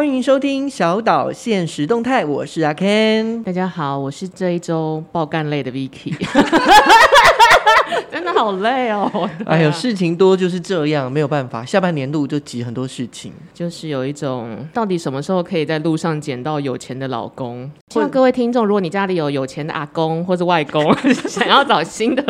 歡迎收聽小島限時動態，我是阿 Ken。大家好，我是這一周爆幹累的 Vicky， 真的好累哦。哎呀，事情多就是這樣，沒有辦法。下半年度就急很多事情，就是有一種到底什麼時候可以在路上撿到有錢的老公？會希望各位聽眾，如果你家裡有有錢的阿公或者外公， 想要找新的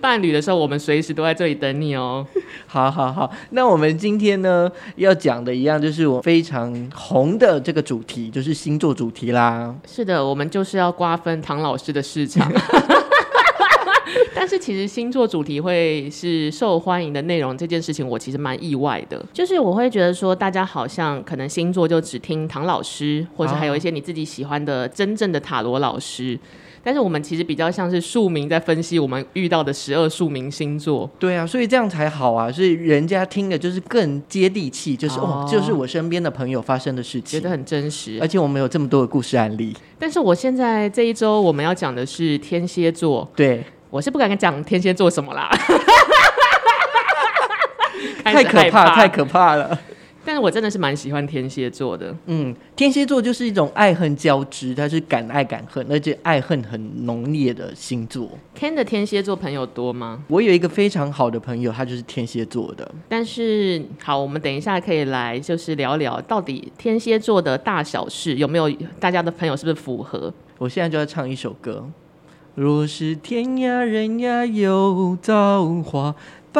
伴侶的時候，我們隨時都在這裡等你哦。好，好，好，那我們今天呢要講的一樣就是我非常紅的這個主題，就是星座主題啦。是的，我們就是要瓜分唐老師的市場。 但是其實星座主題會是受歡迎的內容這件事情，我其實蠻意外的。就是我會覺得說，大家好像可能星座就只聽唐老師，或者還有一些你自己喜歡的真正的塔羅老師。但是我們其實比較像是庶民在分析我們遇到的十二庶民星座。對啊，所以這樣才好啊！所以人家聽的就是更接地氣，就是、oh, 哦，就是我身邊的朋友發生的事情，覺得很真實。而且我們有這麼多的故事案例。但是我現在這一周我們要講的是天蠍座。對。我是不敢講天蠍座什麼啦，太可怕，太可怕了。但是我真的是蠻喜歡天蠍座的。嗯，天蠍座就是一種愛恨交織，它是敢愛敢恨，而且愛恨很濃烈的星座。Ken 的天蠍座朋友多嗎？我有一個非常好的朋友，他就是天蠍座的。但是好，我們等一下可以來就是聊聊到底天蠍座的大小事，有沒有大家的朋友是不是符合？我現在就要唱一首歌。若是天涯人呀有造化，白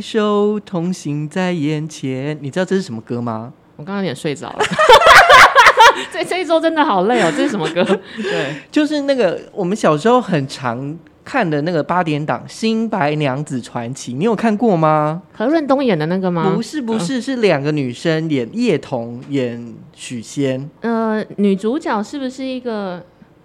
首同行在眼前。你知道這是什麼歌嗎？我剛有點睡着了。這 這一周真的好累哦。 這是什麼歌？對，就是那個我們小時候很常看的那個八點檔《新白娘子傳奇》，你有看過嗎？何潤東演的那個嗎？不是，不是，是兩個女生演，葉童演許仙。呃，女主角是不是一個？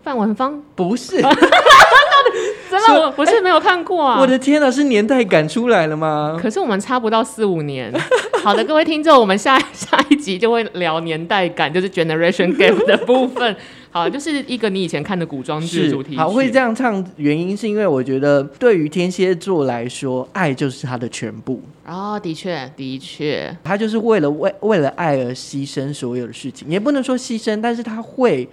范文芳不是， 真的以我不是沒有看過啊！欸、我的天哪，是年代感出來了嗎？可是我們差不到四五年。 好的，各位聽眾，我們下一下一集就會聊年代感，就是 Generation Gap 的部分。 好，就是一個你以前看的古裝劇主題。好，會這樣唱，原因是因為我覺得對於天蠍座來說，愛就是他的全部。哦，的確，的確，他就是為了為為了愛而犧牲所有的事情，你也不能說犧牲，但是他會。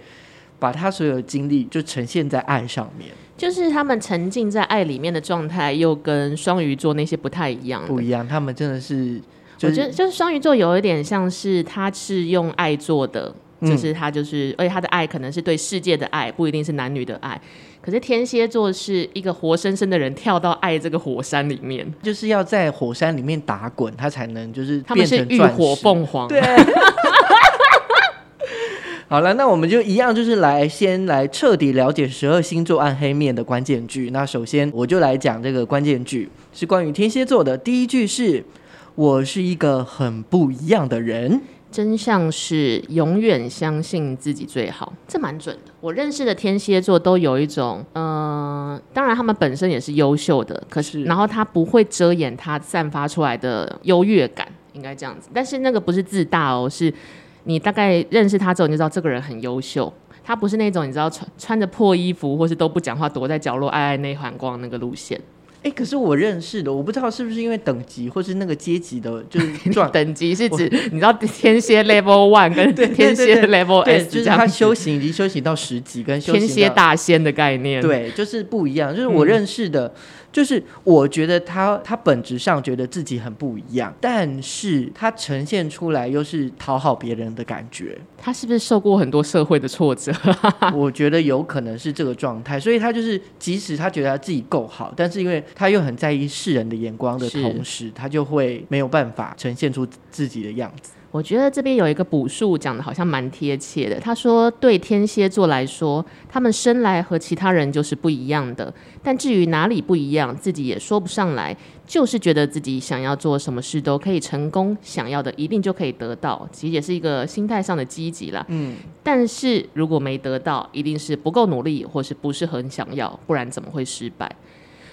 把他所有的精力就呈現在愛上面，就是他們沉浸在愛裡面的狀態，又跟雙魚座那些不太一樣。不一樣，他們真的是，我覺得就是雙魚座有一點像是他是用愛做的，就是他就是，而且他的愛可能是對世界的愛，不一定是男女的愛。可是天蠍座是一個活生生的人，跳到愛這個火山裡面，就是要在火山裡面打滾，他才能就是變成浴火鳳凰。對。 好了，那我們就一樣，就是來先來徹底了解十二星座暗黑面的關鍵句。那首先我就來講這個關鍵句，是關於天蠍座的。第一句是“我是一個很不一樣的人”，真相是永遠相信自己最好。這蠻準的。我認識的天蠍座都有一種，嗯、呃，當然他們本身也是優秀的，可是然後他不會遮掩他散發出來的優越感，應該這樣子。但是那個不是自大哦，是。你大概認識他之後，你就知道這個人很優秀。他不是那種你知道穿穿着破衣服，或是都不講話，躲在角落愛愛內環光那個路線。哎、欸，可是我認識的，我不知道是不是因為等級或是那個階級的，就是 等級是指我 你知道天蠍 level one 跟天蠍 level s，, 對對對對就是他修行已經修行到十級跟修行天蠍大仙的概念，對，就是不一樣，就是我認識的。嗯就是我覺得他他本質上覺得自己很不一樣，但是他呈現出來又是討好別人的感覺。他是不是受過很多社會的挫折？ 我覺得有可能是這個狀態，所以他就是即使他覺得他自己夠好，但是因為他又很在意世人的眼光的同時，是他就會沒有辦法呈現出自己的樣子。我覺得這邊有一個補述，講的好像蠻貼切的。他說，對天蠍座來說，他們生來和其他人就是不一樣的。但至於哪裡不一樣，自己也說不上來，就是覺得自己想要做什麼事都可以成功，想要的一定就可以得到。其實也是一個心態上的積極啦。嗯，但是如果沒得到，一定是不夠努力，或是不是很想要，不然怎麼會失敗？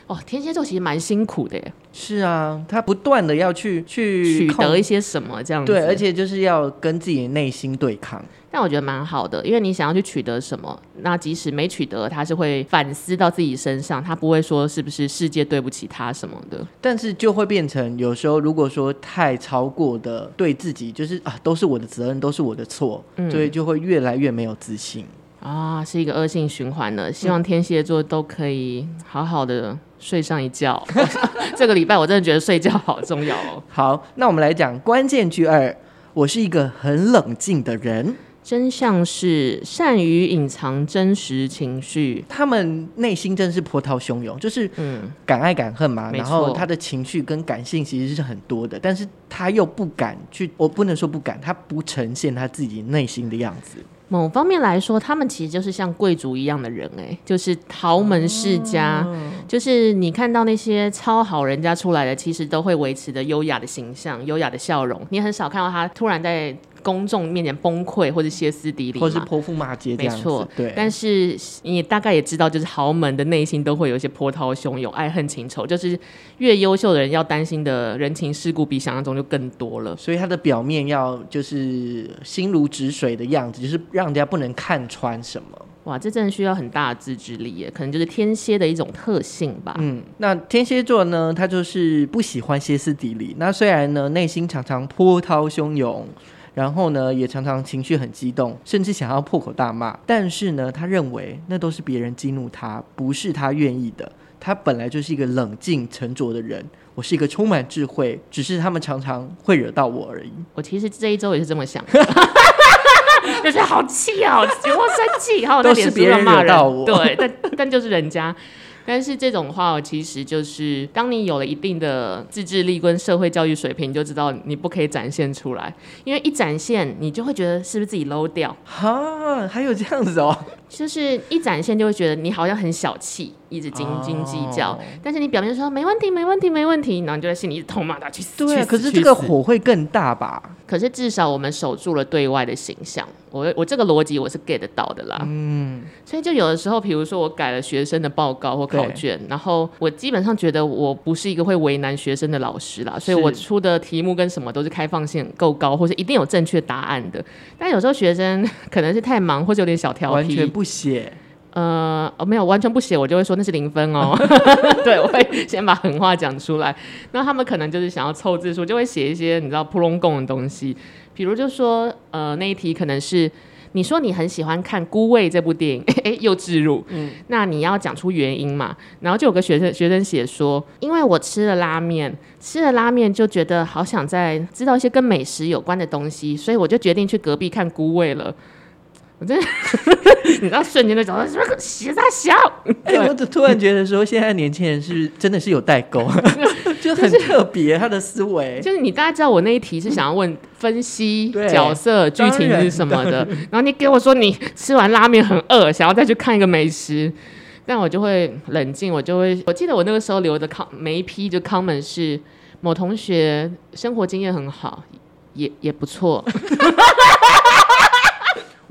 哦，天蠍座其實蠻辛苦的耶。是啊，他不斷的要去去取得一些什麼這樣子。對，而且就是要跟自己的內心對抗。但我覺得蠻好的，因為你想要去取得什麼，那即使沒取得，他是會反思到自己身上，他不會說是不是世界對不起他什麼的。但是就會變成有時候如果說太超過的對自己，就是啊，都是我的責任，都是我的錯，嗯，所以就會越來越沒有自信。啊，是一個惡性循環了。希望天蠍座都可以好好的睡上一覺。 這個禮拜我真的覺得睡覺好重要哦。好，那我們來講關鍵句二。我是一個很冷靜的人。真相是善於隱藏真實情緒，他們內心真的是波濤洶湧，就是嗯，敢愛敢恨嘛。嗯，然後他的情緒跟感性其實是很多的，沒錯。但是他又不敢去，我不能說不敢，他不呈現他自己內心的樣子。嗯某方面來說，他們其實就是像貴族一樣的人，欸，哎，就是豪門世家，哦、就是你看到那些超好人家出來的，其實都會維持着優雅的形象，優雅的笑容，你很少看到他突然在。公眾面前崩潰或者歇斯底里，或是潑婦罵街這樣，沒錯錯。對，但是你大概也知道，就是豪門的內心都會有一些波濤洶湧、愛恨情仇。就是越優秀的人，要擔心的人情世故比想象中就更多了。所以他的表面要就是心如止水的樣子，就是讓人家不能看穿什麼。哇，這真的需要很大的自制力耶，可能就是天蠍的一種特性吧。嗯，那天蠍座呢，他就是不喜歡歇斯底里。那雖然呢，內心常常波濤洶湧。然後呢，也常常情緒很激動，甚至想要破口大罵。但是呢，他認為那都是別人激怒他，不是他願意的。他本來就是一個冷靜沉着的人，我是一個充滿智慧，只是他們常常會惹到我而已。我其實這一周也是這麼想，就是好氣啊，哦，我生氣，然後都是別人罵到我 罵，對，但但就是人家。但是這種話，我其實就是當你有了一定的自制力跟社會教育水平，就知道你不可以展現出來，因為一展現你就會覺得是不是自己 low 掉？哈、啊，還有這樣子哦、喔。就是一展現就會覺得你好像很小氣，一直斤斤計較，哦、但是你表面說沒問題、沒問題、沒問題，然後你就在心裡一直痛罵他去死、對啊，去死，可是這個火會更大吧？可是至少我們守住了對外的形象。我我這個邏輯我是 get 到的啦。嗯，所以就有的時候，比如說我改了學生的報告或考卷，對然後我基本上覺得我不是一個會為難學生的老師啦，所以我出的題目跟什麼都是開放性夠高，或是一定有正確答案的。但有時候學生可能是太忙，或者有點小調皮，完全不不寫，呃，哦，沒有，完全不寫，我就會說那是零分哦。 對，我會先把狠話講出來。那他們可能就是想要湊字數，就會寫一些你知道噗嚨共的東西，比如就說，呃，那一題可能是你說你很喜歡看《孤味》這部電影，哎、欸，又置入，嗯，那你要講出原因嘛。然後就有個學生學生寫說，因為我吃了拉麵，吃了拉面就覺得好想再知道一些跟美食有關的東西，所以我就決定去隔壁看《孤味》了。我真的， 你知道瞬間的找到，什麼喜大喜？哎、欸，我就突然覺得說，現在年輕人是真的是有代溝， 就是、 就很特別、就是、他的思維。就是你大家知道，我那一題是想要問分析角色劇情是什麼的，當然的。然後你給我說你吃完拉麵很餓，想要再去看一個美食，但我就會冷靜，我就會，我記得我那個時候留的康每一批就是，就 comment 是某同學生活經驗很好，也也不錯。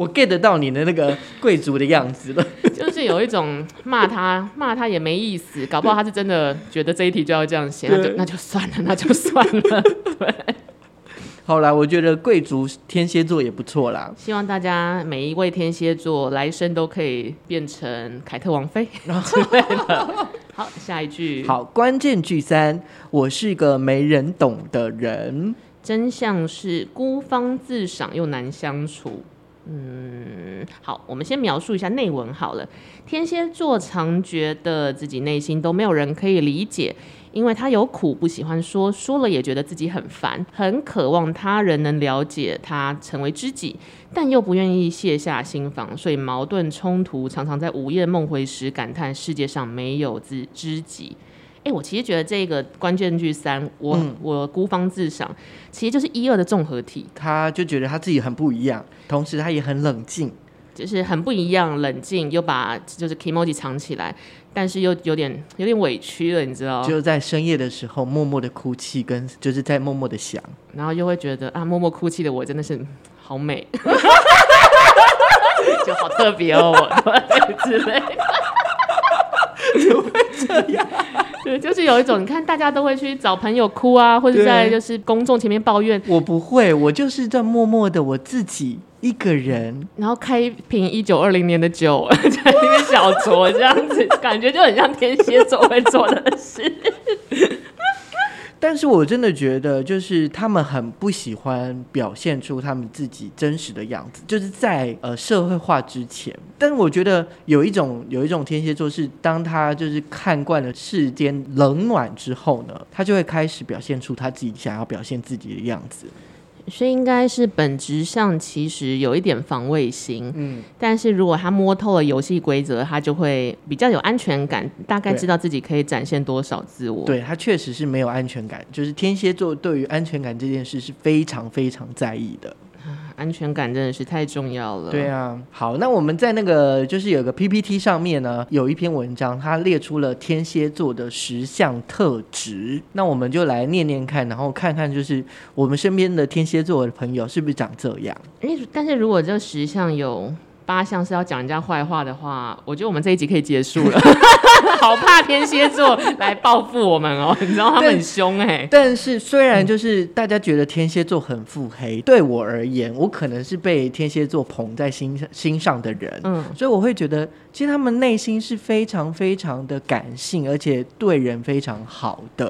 我 get 得到你的那個貴族的樣子了，就是有一種罵他罵 他也沒意思，搞不好他是真的覺得這一題就要這樣寫，對那就那就算了，那就算了。對，好了，我覺得貴族天蠍座也不錯啦。希望大家每一位天蠍座來生都可以變成凱特王妃 好，下一句。好，關鍵句三：我是個沒人懂的人，真相是孤芳自賞又難相處。嗯，好，我們先描述一下內文好了。天蠍座常覺得自己內心都沒有人可以理解，因為他有苦不喜歡說，說了也覺得自己很煩，很渴望他人能了解他，成為知己，但又不願意卸下心防，所以矛盾衝突常常在午夜夢回時感嘆世界上沒有知知己。哎、欸，我其實覺得這個關鍵句三，我、嗯、我孤芳自賞，其實就是一二的綜合體，他就覺得他自己很不一樣，同時他也很冷靜，就是很不一樣，冷靜又把就是 Kimoji 藏起來，但是又有點有點委屈了，你知道？就在深夜的時候，默默的哭泣，跟就是在默默的想，然後又會覺得啊，默默哭泣的我真的是好美， 就好特別哦，我之類。 對，就是有一種， 你看大家都會去找朋友哭啊，或者在就是公眾前面抱怨。我不會，我就是在默默的我自己一個人，然後開一瓶一九二零年的酒，在裡面小酌，這樣子感覺就很像天蠍座會做的事。 但是我真的覺得，就是他們很不喜歡表現出他們自己真實的樣子，就是在呃社會化之前。但是我覺得有一種有一種天蠍座是，當他就是看慣了世間冷暖之後呢，他就會開始表現出他自己想要表現自己的樣子。所以應該是本質上其實有一點防衛心，嗯，但是如果他摸透了遊戲規則，他就會比較有安全感，大概知道自己可以展現多少自我。對，他確實是沒有安全感，就是天蠍座對於安全感這件事是非常非常在意的。安全感真的是太重要了。對啊，好，那我們在那個就是有個 PPT 上面呢，有一篇文章，它列出了天蠍座的十項特質。那我們就來念念看，然後看看就是我們身邊的天蠍座的朋友是不是長這樣。因為、欸，但是如果這十項有八項是要講人家壞話的話，我覺得我們這一集可以結束了。 好怕天蠍座來報復我們哦、喔，你知道他們很凶哎、欸。但是雖然就是大家覺得天蠍座很腹黑，嗯、對我而言，我可能是被天蠍座捧在心上心上的人，嗯，所以我會覺得，其實他們內心是非常非常的感性，而且對人非常好的，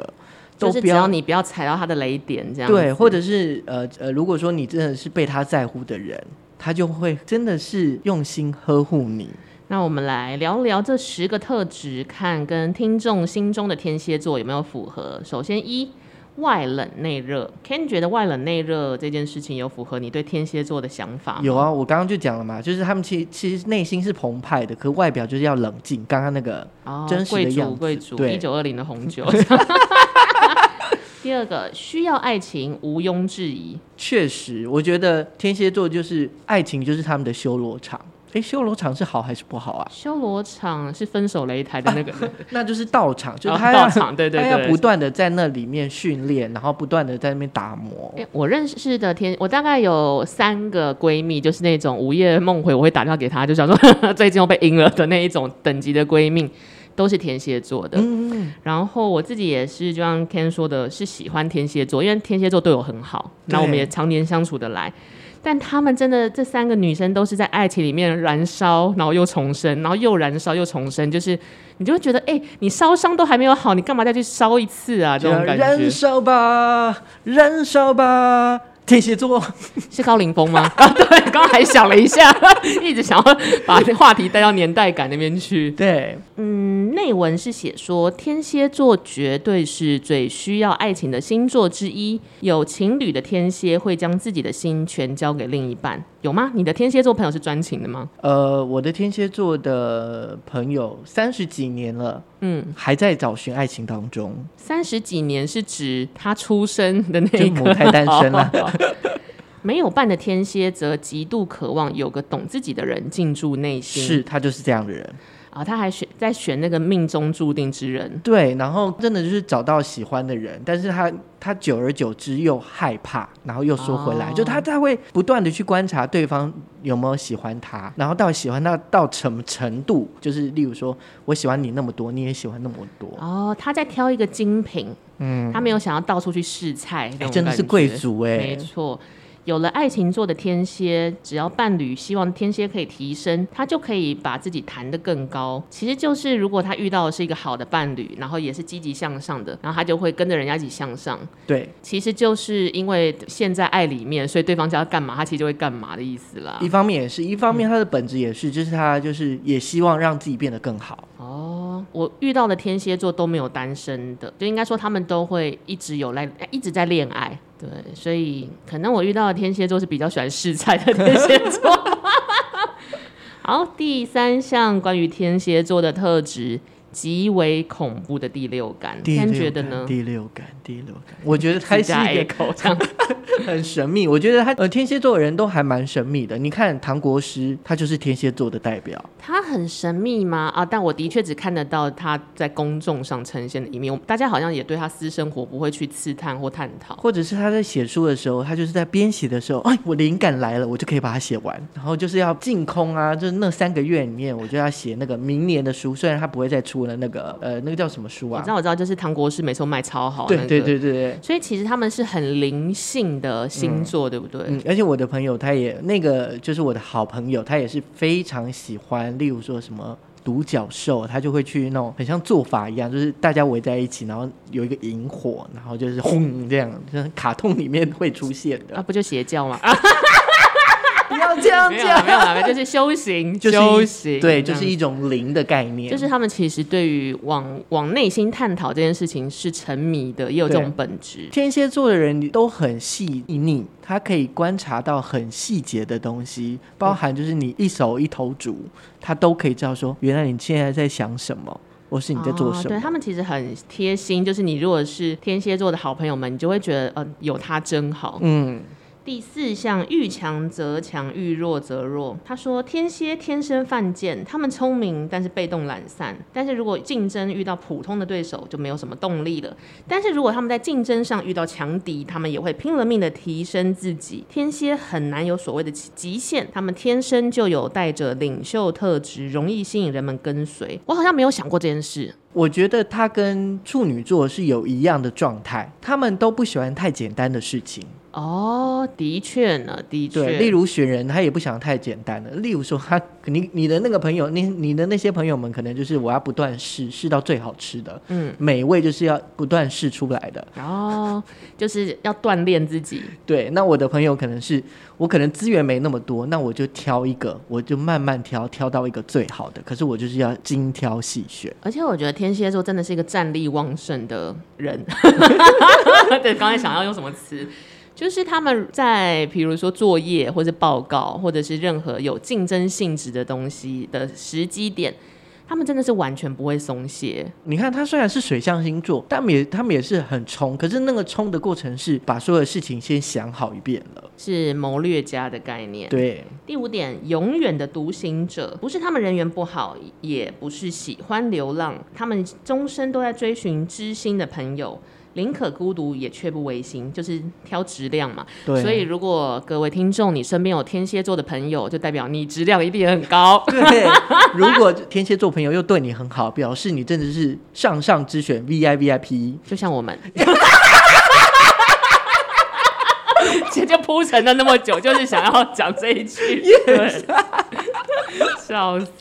都不要，就是只要你不要踩到他的雷點，這樣對，或者是呃呃，如果說你真的是被他在乎的人，他就會真的是用心呵護你。那我們來聊聊這十個特質，看跟聽眾心中的天蠍座有沒有符合。首先一，一外冷內熱，Ken 覺得外冷內熱這件事情有符合你對天蠍座的想法？有啊，我剛剛就講了嘛，就是他們其實其實內心是澎湃的，可外表就是要冷靜。剛剛那個哦，真實的樣，貴族、貴族，一九二零的紅酒。 第二個，需要愛情，毋庸置疑，確實，我覺得天蠍座就是愛情，就是他們的修羅場。哎，修羅場是好還是不好啊？修羅場是分手擂台的那個的、啊，那就是道場， 就是他要、哦、道場，對對對，他要不斷的在那裡面訓練，然後不斷的在那邊打磨。哎，我認識的天，我大概有三個閨蜜，就是那種午夜夢回我會打電話給她，就想說呵呵最近又被陰了的那一種等級的閨蜜，都是天蠍座的。嗯。然後我自己也是，就像 Ken 說的，是喜歡天蠍座，因為天蠍座對我很好，那對我們也常年相處的來。但他們真的這三個女生都是在愛情裡面燃燒，然後又重生，然後又燃燒又重生，就是你就會覺得，哎、欸，你燒傷都還沒有好，你幹嘛再去燒一次啊？這種感覺。燃天蠍座是高凌風嗎？ 啊，對，剛還想了一下，一直想要把話題帶到年代感那邊去。對，嗯，內文是寫說天蠍座絕對是最需要愛情的星座之一，有情侶的天蠍會將自己的心全交給另一半。有嗎？你的天蠍座朋友是專情的嗎？呃，我的天蠍座的朋友三十幾年了，嗯，還在找尋愛情當中。三十幾年是指他出生的那一刻，就母胎單身了，沒有伴的天蠍則極度渴望有個懂自己的人進駐內心，是他就是這樣的人。啊、哦，他還選在選那個命中注定之人，對，然後真的就是找到喜歡的人，但是他他久而久之又害怕，然後又說回來，哦、就他他會不斷的去觀察對方有沒有喜歡他，然後到底喜歡他到什麼程度，就是例如說我喜歡你那麼多，你也喜歡那麼多，哦，他在挑一個精品，嗯，他沒有想要到處去試菜，哎，真的是貴族哎，欸，沒錯。有了愛情座的天蠍，只要伴侶希望天蠍可以提升，他就可以把自己彈得更高。其實就是如果他遇到的是一個好的伴侶，然後也是積極向上的，然後他就會跟着人家一起向上。對，其實就是因為陷在愛裡面，所以對方叫他幹嘛，他其實就會幹嘛的意思啦。一方面也是一方面，他的本質也是，嗯、就是他就是也希望讓自己變得更好。哦，我遇到的天蠍座都沒有單身的，就應該說他們都會一直有來，一直在戀愛。對，所以可能我遇到的天蠍座是比較喜歡試菜的天蠍座。 好，第三項關於天蠍座的特質。極為恐怖的第六感，第六感天覺得呢？第六感，第六感，我覺得他是一口 很神秘。我覺得他呃，天蠍座的人都還蠻神秘的。你看唐國師，他就是天蠍座的代表。他很神秘嗎？啊，但我的確只看得到他在公眾上呈現的一面。大家好像也對他私生活不會去刺探或探討，或者是他在寫書的時候，他就是在編寫的時候，哎，我靈感來了，我就可以把它寫完。然後就是要淨空啊，就是那三個月裡面，我就要寫那個明年的書。雖然他不會再出。那個呃，那個叫什麼書啊？我知道，我知道，就是唐國師，沒錯，賣超好、那個。對,對對對對對。所以其實他們是很靈性的星座，嗯、對不對嗯？嗯。而且我的朋友他也那個，就是我的好朋友，他也是非常喜歡。例如說什麼獨角獸，他就會去那種很像做法一樣，就是大家圍在一起，然後有一個營火，然後就是轟這樣，是卡通裡面會出現的。那、啊、不就邪教嗎？ 不要這樣講， 就是修行，就是修行，對，就是一種靈的概念。就是他們其實對於往往內心探討這件事情是沉迷的，也有這種本質。天蠍座的人都很細膩，他可以觀察到很細節的東西，包含就是你一手一頭竹，哦、他都可以知道說，原來你現在在想什麼，或是你在做什麼。啊、對，他們其實很貼心，就是你如果是天蠍座的好朋友們，你就會覺得，嗯、呃，有他真好，嗯。第四項，遇強則強，遇弱則弱。他說，天蠍天生犯賤，他們聰明，但是被動懶散。但是如果競爭遇到普通的對手，就沒有什麼動力了。但是如果他們在競爭上遇到強敵，他們也會拼了命的提升自己。天蠍很難有所謂的極限，他們天生就有帶着領袖特質，容易吸引人們跟隨。我好像沒有想過這件事。我覺得他跟處女座是有一樣的狀態，他們都不喜歡太簡單的事情。哦，的確呢，的確。對，例如選人，他也不想太簡單的。例如說他，他你你的那個朋友，你你的那些朋友們，可能就是我要不斷試，試到最好吃的，嗯，美味就是要不斷試出來的。哦，就是要鍛鍊自己。 對，那我的朋友可能是。我可能資源沒那麼多，那我就挑一個，我就慢慢挑，挑到一個最好的。可是我就是要精挑細選，而且我覺得天蠍座真的是一個戰力旺盛的人。 對，剛才想要用什麼詞？ 就是他們在比如說作業或者報告，或者是任何有競爭性質的東西的時機點。他們真的是完全不會鬆懈。你看，他雖然是水象星座，但也他們也是很衝。可是那個衝的過程是把所有的事情先想好一遍了，是謀略家的概念。對，第五點，永遠的獨行者，不是他們人緣不好，也不是喜歡流浪，他們終生都在追尋知心的朋友。寧可孤獨，也絕不違心，就是挑質量嘛。對所以如果各位聽眾，你身邊有天蠍座的朋友，就代表你質量一定很高。對， 如果天蠍座朋友又對你很好， 表示你真的是上上之選 ，VIP，就像我們。這 就鋪陳了那麼久，就是想要講這一句,。 對, 笑死！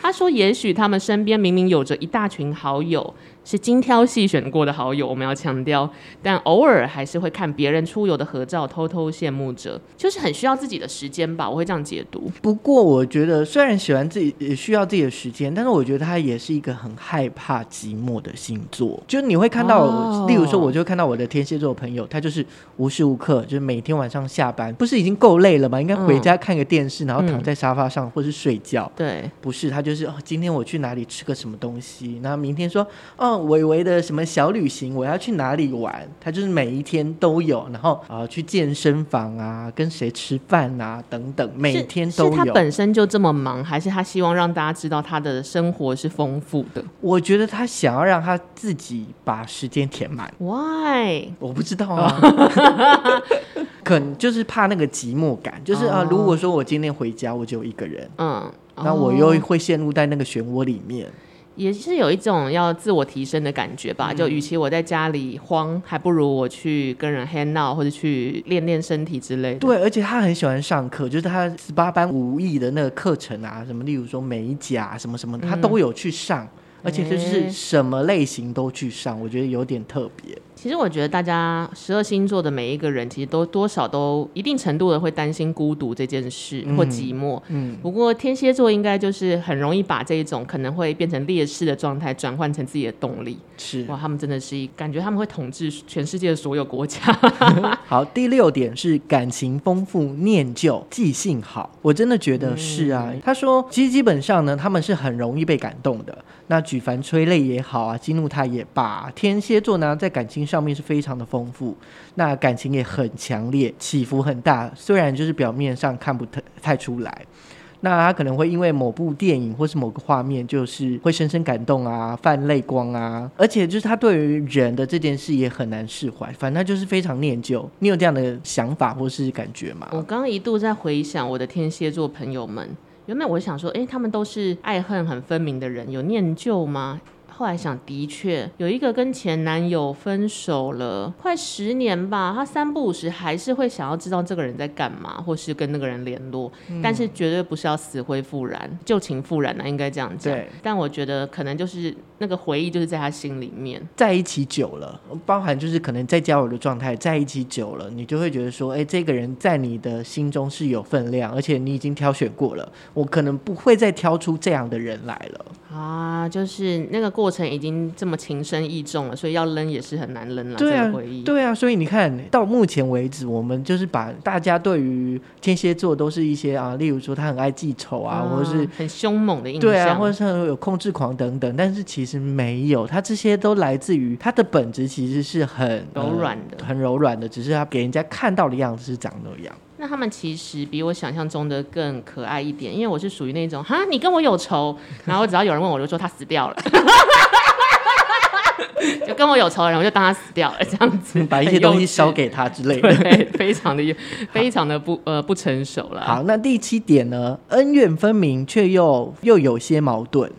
他說：“也許他們身邊明明有着一大群好友。”是精挑細選過的好友，我們要強調。但偶爾還是會看別人出遊的合照，偷偷羨慕着，就是很需要自己的時間吧，我會這樣解讀。不過我覺得，雖然喜歡自己也需要自己的時間，但是我覺得他也是一個很害怕寂寞的星座。就你會看到，哦、例如說，我就會看到我的天蠍座朋友，他就是無時無刻，就是每天晚上下班，不是已經夠累了嗎？應該回家看個電視，然後躺在沙發上、嗯、或是睡覺。對，不是他就是、哦、今天我去哪裡吃個什麼東西，然後明天說哦。唯微，微的什麼小旅行，我要去哪裡玩？他就是每一天都有，然後啊、呃，去健身房啊，跟誰吃飯啊，等等，每一天都有是。是他本身就這麼忙，還是他希望讓大家知道他的生活是豐富的？我覺得他想要讓他自己把時間填滿。Why？我不知道啊。Oh. 可能就是怕那個寂寞感，就是啊，oh. 如果說我今天回家，我就一個人，嗯，oh. oh. 那我又會陷入在那個漩渦裡面。也是有一種要自我提升的感覺吧，嗯、就與其我在家裡慌，還不如我去跟人 hand out 或者去練練身體之類。對，而且他很喜歡上課，就是他十八般武藝的那個課程啊，什麼例如說美甲什麼什麼，他都有去上，嗯、而且就是什麼類型都去上，欸、我覺得有點特別。其實我覺得大家十二星座的每一個人，其實都多少都一定程度的會擔心孤獨這件事，嗯、或寂寞。嗯，不過天蠍座應該就是很容易把這一種可能會變成劣勢的狀態轉換成自己的動力。是哇，他們真的是感覺他們會統治全世界的所有國家。嗯、 好，第六點是感情豐富，念、念舊、記性好。我真的覺得是啊。嗯、他說基基本上呢，他們是很容易被感動的。那舉凡催淚也好啊，激怒他也罷啊。天蠍座呢，在感情上面是非常的豐富，那感情也很強烈，起伏很大。雖然就是表面上看不太太出來，那他可能會因為某部電影或是某個畫面，就是會深深感動啊，泛淚光啊。而且就是他對於人的這件事也很難釋懷，反正他就是非常念舊。你有這樣的想法或是感覺嗎？我剛剛一度在回想我的天蠍座朋友們。原本我想說，哎，他們都是愛恨很分明的人，有念舊嗎？後來想，的確有一個跟前男友分手了快十年吧，他三不五時還是會想要知道這個人在幹嘛，或是跟那個人聯絡，嗯、但是絕對不是要死灰復燃、舊情復燃的、啊，應該這樣講。對但我覺得可能就是那個回憶，就是在他心裡面，在一起久了，包含就是可能在交友的狀態，在一起久了，你就會覺得說，哎、欸，這個人在你的心中是有分量，而且你已經挑選過了，我可能不會再挑出這樣的人來了。啊，就是那個過程已經這麼情深意重了，所以要扔也是很難扔了。對啊，這個回憶，對啊，所以你看到目前為止，我們就是把大家對於天蠍座都是一些啊，例如說他很愛記仇啊，啊或是很兇猛的印象，對啊，或者是很有控制狂等等。但是其實沒有，他這些都來自於他的本質，其實是很柔軟的、呃，很柔軟的，只是他給人家看到的樣子是長那樣子。那他們其實比我想象中的更可愛一點，因為我是屬於那種哈，你跟我有仇，然後只要有人問我，我就說他死掉了， 就跟我有仇的人，然後我就當他死掉了這樣子，把一些東西燒有給他之類的，對，非常的非常的不好呃不成熟了。好，那第七點呢，恩怨分明卻又又有些矛盾。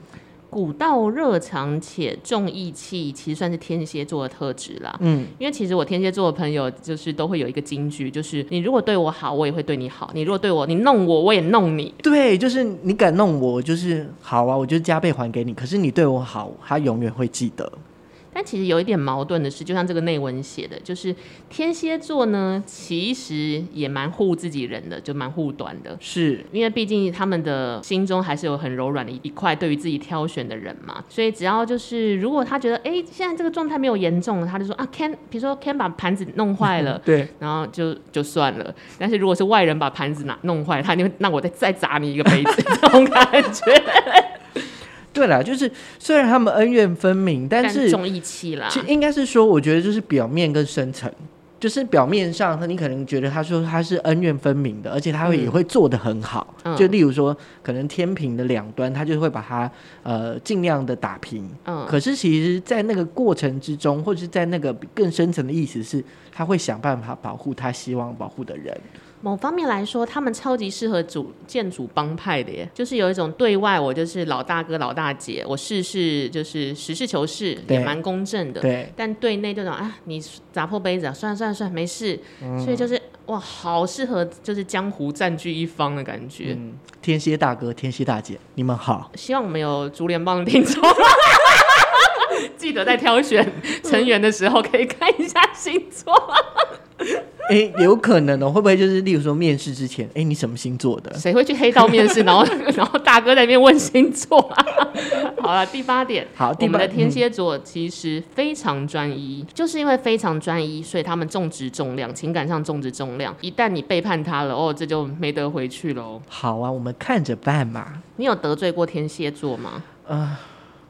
古道熱腸且重義氣，其實算是天蠍座的特質啦。嗯，因為其實我天蠍座的朋友就是都會有一個金句，就是你如果對我好，我也會對你好；你如果對我，你弄我，我也弄你。對，就是你敢弄我，就是好啊，我就加倍還給你。可是你對我好，他永遠會記得。但其實有一點矛盾的是，就像這個內文寫的，就是天蠍座呢，其實也蠻護自己人的，就蠻護短的，是因為畢竟他們的心中還是有很柔軟的一塊，對於自己挑選的人嘛。所以只要就是，如果他覺得，哎、欸，現在這個狀態沒有嚴重，他就說啊，Ken，比如說 Ken 把盤子弄壞了，對，然後就就算了。但是如果是外人把盤子拿弄壞了，他那那我再再砸你一個杯子， 這種感覺。 對了，就是雖然他們恩怨分明，但是其實應該是說，我覺得就是表面更深層，就是表面上他你可能覺得他說他是恩怨分明的，而且他會也會做得很好。就例如說，可能天平的兩端，他就會把他呃盡量的打平。可是其實，在那個過程之中，或者是在那個更深層的意思是，他會想辦法保護他希望保護的人。某方面來說，他們超級適合主建築幫派的耶，就是有一種對外我就是老大哥老大姐，我事事就是實事求是，也蠻公正的。對，對但對內這種啊，你砸破杯子，啊，算了算了算了，沒事。嗯、所以就是哇，好適合就是江湖佔據一方的感覺。嗯、天蠍大哥，天蠍大姐，你們好。希望我們有竹聯幫的聽眾， 記得在挑選成員的時候可以看一下星座，嗯。 有可能哦，會不會就是例如說面試之前，哎，你什麼星座的？誰會去黑道面試？ 然後，然後大哥在那邊問星座啊。 好了，第八點，好，第八，我們的天蠍座其實非常專一，嗯。就是因為非常專一，所以他們重質重量，情感上重質重量。一旦你背叛他了，哦，這就沒得回去嘍。好啊，我們看着辦嘛。你有得罪過天蠍座嗎？呃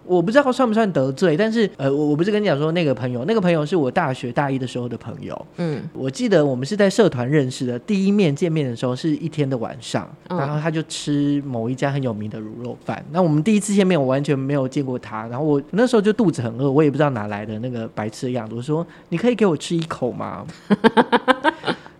我不知道算不算得罪，但是呃，我我不是跟你講說那個朋友？那個朋友是我大學大一的時候的朋友，嗯，我記得我們是在社團認識的，第一面見面的時候是一天的晚上，嗯、然後他就吃某一家很有名的滷肉飯，那我們第一次見面我完全沒有見過他，然後我那時候就肚子很餓，我也不知道哪來的那個白痴的樣子，我說你可以給我吃一口嗎？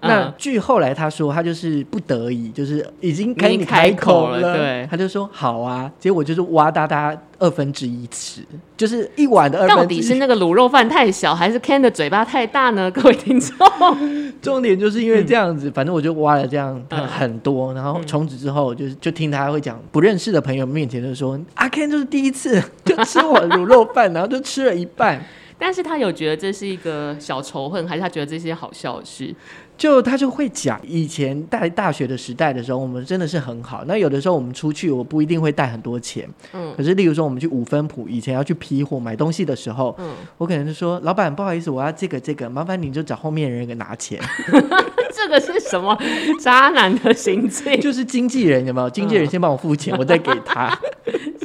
嗯、那據後來他說，他就是不得已，就是已經可以開口開口了。對，他就說好啊，結果就是挖噠噠二分之一次，就是一碗的二分之一。到底是那個滷肉飯太小，還是 Ken 的嘴巴太大呢？各位聽眾、嗯，重點就是因為這樣子，嗯、反正我就挖了這樣很多，嗯、然後從此之後就就聽他會講，不認識的朋友面前就說阿、嗯啊、Ken 就是第一次就吃我滷肉飯， 然後就吃了一半。但是他有覺得這是一個小仇恨，還是他覺得這些好笑的事？就他就會講，以前在大，大學的時代的時候，我們真的是很好。那有的時候我們出去，我不一定會帶很多錢。嗯，可是例如說我們去五分埔，以前要去批貨買東西的時候，嗯，我可能就說：“老闆，不好意思，我要這個這個，麻煩你就找後面人給拿錢。” 這個是什麼渣男的心境？就是經紀人有沒有？經紀人先幫我付錢，我再給他。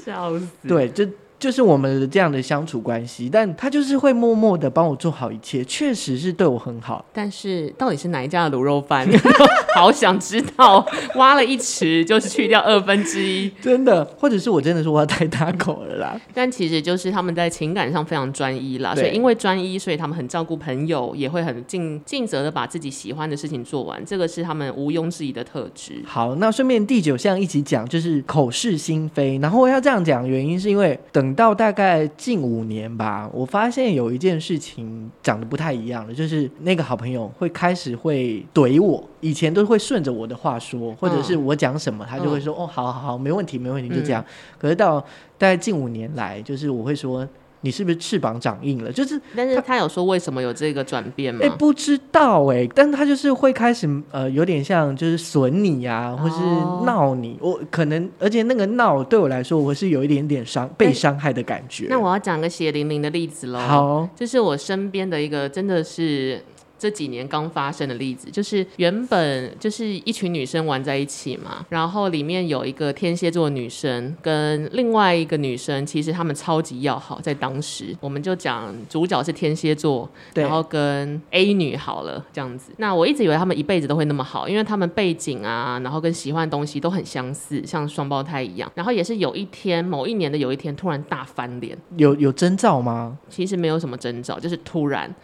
笑死！對，就。就是我們的這樣的相處關係，但他就是會默默的幫我做好一切，確實是對我很好。但是到底是哪一家的滷肉飯？ 好想知道，挖了一池就是去掉二分之一， 真的，或者是我真的是挖太大口了啦？但其實就是他們在情感上非常專一啦，對所以因為專一，所以他們很照顧朋友，也會很盡盡責的把自己喜歡的事情做完，這個是他們毋庸置疑的特質。好，那順便第九項一起講，就是口是心非。然後我要這樣講，原因是因為等。到大概近五年吧，我發現有一件事情講得不太一樣了，就是那個好朋友會開始會懟我，以前都會順着我的話說，或者是我講什麼，他就會說、嗯、哦，哦，好好好，沒問題沒問題，就這樣。嗯、可是到大概近五年來，就是我會說。你是不是翅膀長硬了？就是，但是他有說為什麼有這個轉變嗎？哎、欸，不知道哎、欸，但他就是會開始呃，有點像就是損你呀、啊，或是鬧你。我可能而且那個鬧對我來說，我是有一點點傷被傷害的感覺。欸、那我要講個血淋淋的例子嘍。好，這是我身邊的一個，真的是。這幾年剛發生的例子，就是原本就是一群女生玩在一起嘛，然後裡面有一個天蠍座女生跟另外一個女生，其實她們超級要好，在當時我們就講主角是天蠍座，然後跟 A 女好了對這樣子。那我一直以為他們一輩子都會那麼好，因為他們背景啊，然後跟喜歡的東西都很相似，像雙胞胎一樣。然後也是有一天，某一年的有一天，突然大翻臉。有有徵兆嗎？其實沒有什麼徵兆，就是突然。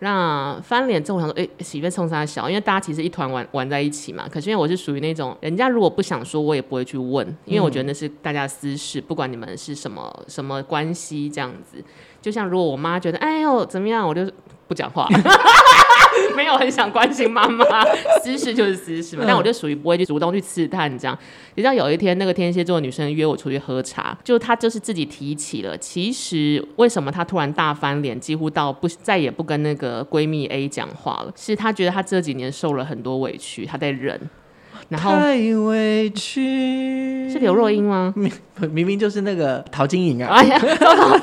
那翻臉之後，我想說，哎、欸，洗面冲沙小，因為大家其實一團玩玩在一起嘛。可是因為我是屬於那種，人家如果不想說，我也不會去問，因為我覺得那是大家私事，嗯、不管你們是什麼什麼關係這樣子。就像如果我媽覺得，哎呦怎麼樣，我就不講話。 沒有很想關心媽媽，私事就是私事嘛。嗯，但我就屬於不會去主動去刺探這樣。你知道有一天那個天蠍座的女生約我出去喝茶，就她就是自己提起了，其實為什麼她突然大翻臉，幾乎到不再也不跟那個閨蜜 A 講話了，是她覺得她這幾年受了很多委屈，她在忍。然後太委屈，是劉若英嗎？明明就是那個陶晶瑩啊！ 哎呀，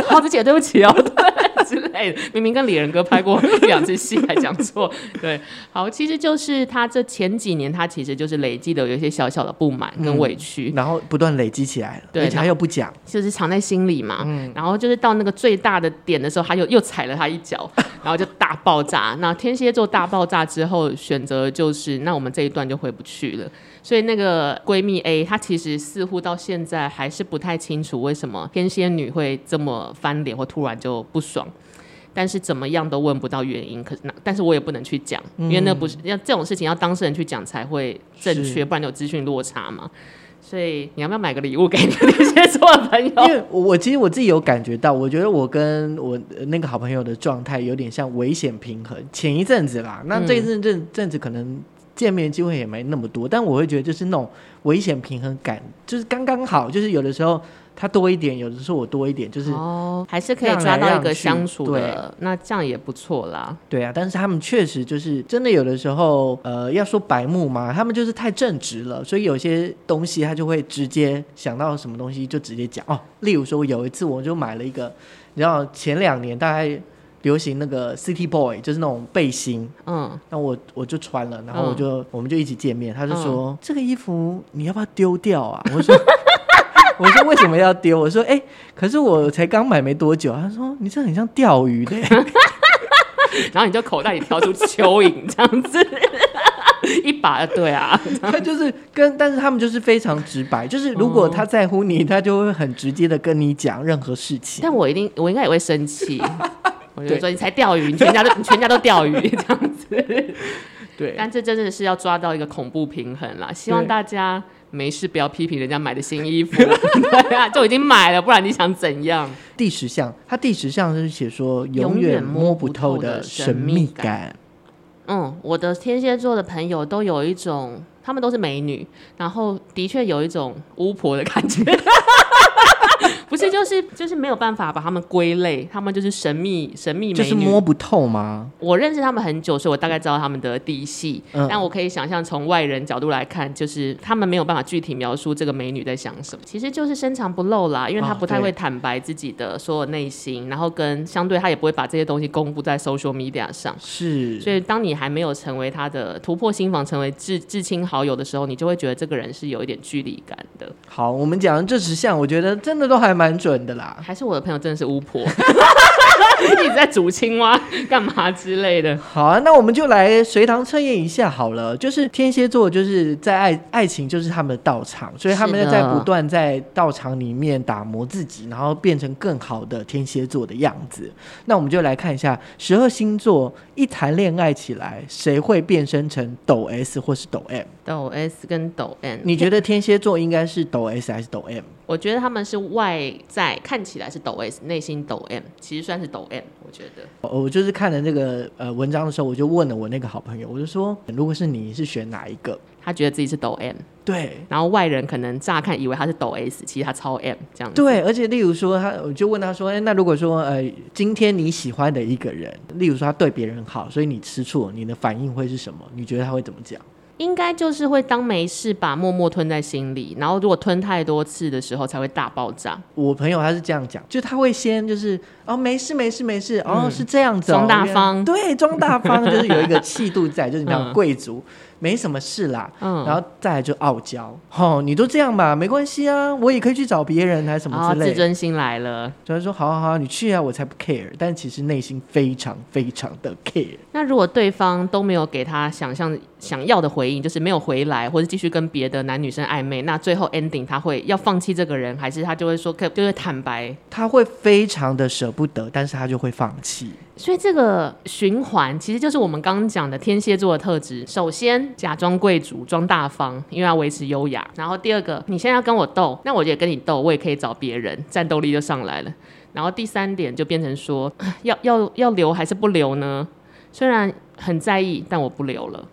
陶子姐，對不起哦、啊， 之類的。明明跟李仁哥拍過兩支戲，還講錯。對，好，其實就是他這前幾年，他其實就是累積的有一些小小的不滿跟委屈，嗯、然後不斷累積起來了，對。他又不講，就是藏在心裡嘛。嗯。然後就是到那個最大的點的時候，他又又踩了他一腳，然後就大爆炸。 那天蠍座大爆炸之後，選擇就是那我們這一段就回不去了。所以那個閨蜜 A，她其實似乎到現在還是不太清楚為什麼天蠍女會這麼翻臉，或突然就不爽，但是怎麼樣都問不到原因。可是，但是我也不能去講，因為那不是要這種事情要當事人去講才會正確，是不然有資訊落差嘛。所以你要不要買個禮物給你那些做朋友？因為我其實我自己有感覺到，我覺得我跟我那個好朋友的狀態有點像危險平衡。前一陣子啦，那這一陣陣子，子可能。見面機會也沒那麼多，但我會覺得就是那種危險平衡感，就是剛剛好，就是有的時候他多一點，有的時候我多一點，就是、哦、還是可以抓到一個相處的，這對，那這樣也不錯啦。對啊，但是他們確實就是真的有的時候，呃，要說白目嘛，他們就是太正直了，所以有些東西他就會直接想到什麼東西就直接講哦。例如說，我有一次我就買了一個，你知道前兩年大概。流行那個 City Boy 就是那種背心，嗯，那我我就穿了，然後我就、嗯、我們就一起見面，他就說、嗯、這個衣服你要不要丟掉啊？我說 我說為什麼要丟？我說哎、欸，可是我才剛買沒多久。他說你這很像釣魚的、欸，然後你就口袋裡掏出蚯蚓這樣子， 一把對啊，他就是跟但是他們就是非常直白，就是如果他在乎你，嗯、他就會很直接的跟你講任何事情。但我一定我應該也會生氣。 我就說你才釣魚，你全家都你全家都釣魚這樣子，對。但這真的是要抓到一個恐怖平衡啦。希望大家沒事不要批評人家買的新衣服，對 對啊，就已經買了，不然你想怎樣？第十項，他第十項就是寫說永遠摸不透的神秘感。秘感，嗯，我的天蠍座的朋友都有一種，他們都是美女，然後的確有一種巫婆的感覺。 不是，就是就是沒有辦法把他們歸類，他們就是神秘神秘美女，就是摸不透嗎？我認識他們很久，所以我大概知道他們的底細。嗯、但我可以想象，從外人角度來看，就是他們沒有辦法具體描述這個美女在想什麼。其實就是深藏不露啦，因為她不太會坦白自己的所有內心，啊、然後跟相對她也不會把這些東西公布在 social media 上。是，所以當你還沒有成為她的突破心防，成為至至親好友的時候，你就會覺得這個人是有一點距離感的。好，我們講了這十項，我覺得。真的都還蠻準的啦，還是我的朋友真的是巫婆， 你在煮青蛙幹嘛之類的？好啊，那我們就來隨堂測驗一下好了。就是天蠍座，就是在愛愛情就是他們的道場，所以他們就在不斷在道場裡面打磨自己，是的。然後變成更好的天蠍座的樣子。那我們就來看一下十二星座一談戀愛起來，誰會變身成抖 S 或是抖 M？ 抖 S 跟抖 M，你覺得天蠍座應該是抖 S 還是抖 M？抖我覺得他們是外在看起來是抖 S，內心抖 M，其實算是抖 M。我覺得，我就是看了那個呃，文章的時候，我就問了我那個好朋友，我就說，如果是你，是選哪一個？他覺得自己是抖 M，對。然後外人可能乍看以為他是抖 S，其實他超 M 這樣子。對，而且例如說他，他我就問他說，哎、欸，那如果說呃今天你喜歡的一個人，例如說他對別人好，所以你吃醋，你的反應會是什麼？你覺得他會怎麼講？應該就是會當沒事把默默吞在心裡，然後如果吞太多次的時候，才會大爆炸。我朋友他是這樣講，就他會先就是哦沒事沒事沒事，嗯、哦是這樣子，哦，裝大方，對，裝大方就是有一個氣度在， 就是比較貴族。嗯嗯沒什麼事啦，嗯、然後再來就傲嬌，吼、哦，你都這樣吧，沒關係啊，我也可以去找別人還是什麼之類的、哦。自尊心來了，就會說好好好，你去啊，我才不 care。但其實內心非常非常的 care。那如果對方都沒有給他想象想要的回應，就是沒有回來，或是繼續跟別的男女生曖昧，那最後 ending 他會要放棄這個人，還是他就會說可，就會坦白？他會非常的捨不得，但是他就會放棄。所以這個循環其實就是我們剛剛講的天蠍座的特質。首先，假裝貴族，裝大方，因為要維持優雅。然後第二個，你現在要跟我鬥，那我也跟你鬥，我也可以找別人，戰鬥力就上來了。然後第三點就變成說，要要要留還是不留呢？雖然很在意，但我不留了。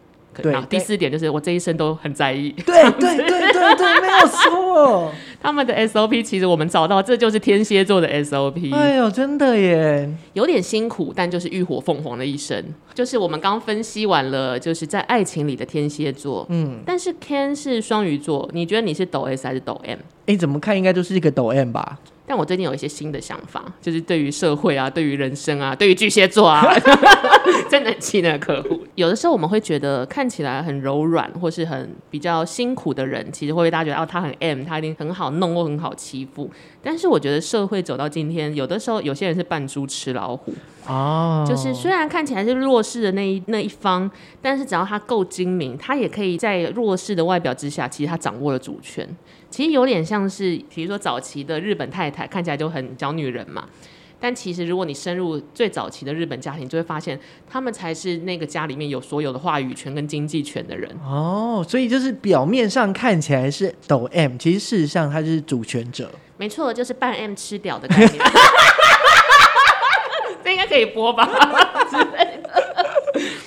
對。第四點就是我這一生都很在意對。對對對對對，沒有說哦。 他們的 SOP 其實我們找到，這就是天蠍座的 SOP。哎呦，真的耶，有點辛苦，但就是浴火鳳凰的一生。就是我們剛分析完了，就是在愛情裡的天蠍座。嗯，但是 Ken 是雙魚座，你覺得你是抖 S 還是抖 M？哎、欸，怎麼看應該就是一個抖 M 吧？但我最近有一些新的想法，就是對於社會啊，對於人生啊，對於巨蟹座啊， 真的氣得可惡。 有的時候我們會覺得看起來很柔軟，或是很比較辛苦的人，其實會被大家覺得哦，他很 M，他一定很好。弄我很好欺負，但是我覺得社會走到今天，有的時候有些人是扮豬吃老虎，oh. 就是雖然看起來是弱勢的那一那一方，但是只要他夠精明，他也可以在弱勢的外表之下，其實他掌握了主權。其實有點像是，比如說早期的日本太太，看起來就很小女人嘛。但其實，如果你深入最早期的日本家庭，就會發現他們才是那個家裡面有所有的話語權跟經濟權的人哦。所以，就是表面上看起來是抖 M，其實事實上他是主權者。沒錯，就是半 M 吃屌的感覺。這應該可以播吧？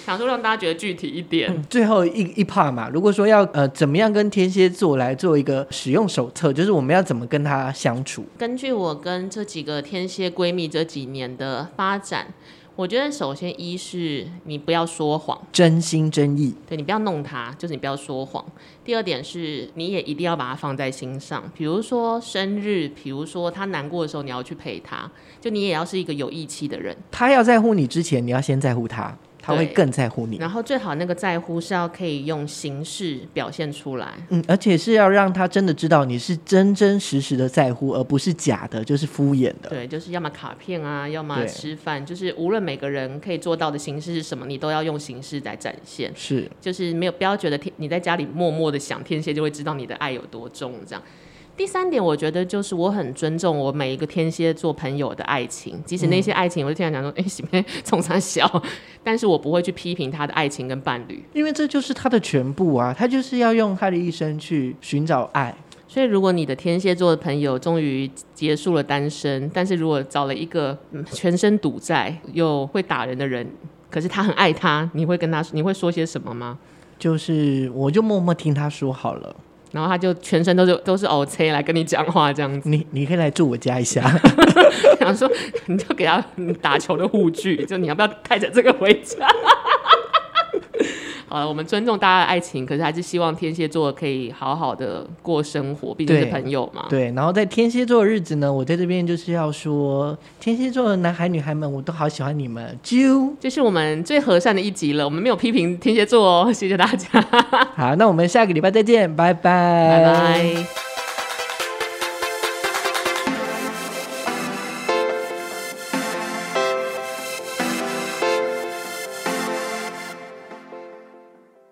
想說讓大家覺得具體一點。嗯，最後一一 part 嘛。如果說要呃，怎麼樣跟天蠍座來做一個使用手冊，就是我們要怎麼跟他相處？根據我跟這幾個天蠍閨蜜這幾年的發展，我覺得首先一是你不要說謊，真心真意。對，你不要弄他，就是你不要說謊。第二點是，你也一定要把他放在心上，比如說生日，比如說他難過的時候，你要去陪他，就你也要是一個有義氣的人。他要在乎你之前，你要先在乎他。他會更在乎你，然後最好那個在乎是要可以用形式表現出來，嗯，而且是要讓他真的知道你是真真實實的在乎，而不是假的，就是敷衍的。對，就是要麼卡片啊，要麼吃飯，對就是無論每個人可以做到的形式是什麼，你都要用形式來展現。是，就是沒有，不要覺得天，你在家裡默默的想天蠍就會知道你的愛有多重這樣。第三點，我覺得就是我很尊重我每一個天蠍座朋友的愛情，即使那些愛情，我就經常講說，哎、嗯，從小、欸，但是我不會去批評他的愛情跟伴侶，因為這就是他的全部啊，他就是要用他的一生去尋找愛。所以，如果你的天蠍座的朋友終於結束了單身，但是如果找了一個全身賭債又會打人的人，可是他很愛他，你會跟他說，你會說些什麼嗎？就是我就默默聽他說好了。然後他就全身都是都是 O C 來跟你講話這樣子，你，你你可以來住我家一下，想 說，你就給他打球的護具，就你要不要帶着這個回家？呃我們尊重大家的愛情，可是還是希望天蠍座可以好好的過生活，畢竟是朋友嘛，對。對，然後在天蠍座的日子呢，我在這邊就是要說，天蠍座的男孩女孩們，我都好喜歡你們。啾！這就是我們最和善的一集了，我們沒有批評天蠍座哦、喔，謝謝大家。 好，那我們下個禮拜再見，拜拜，拜拜。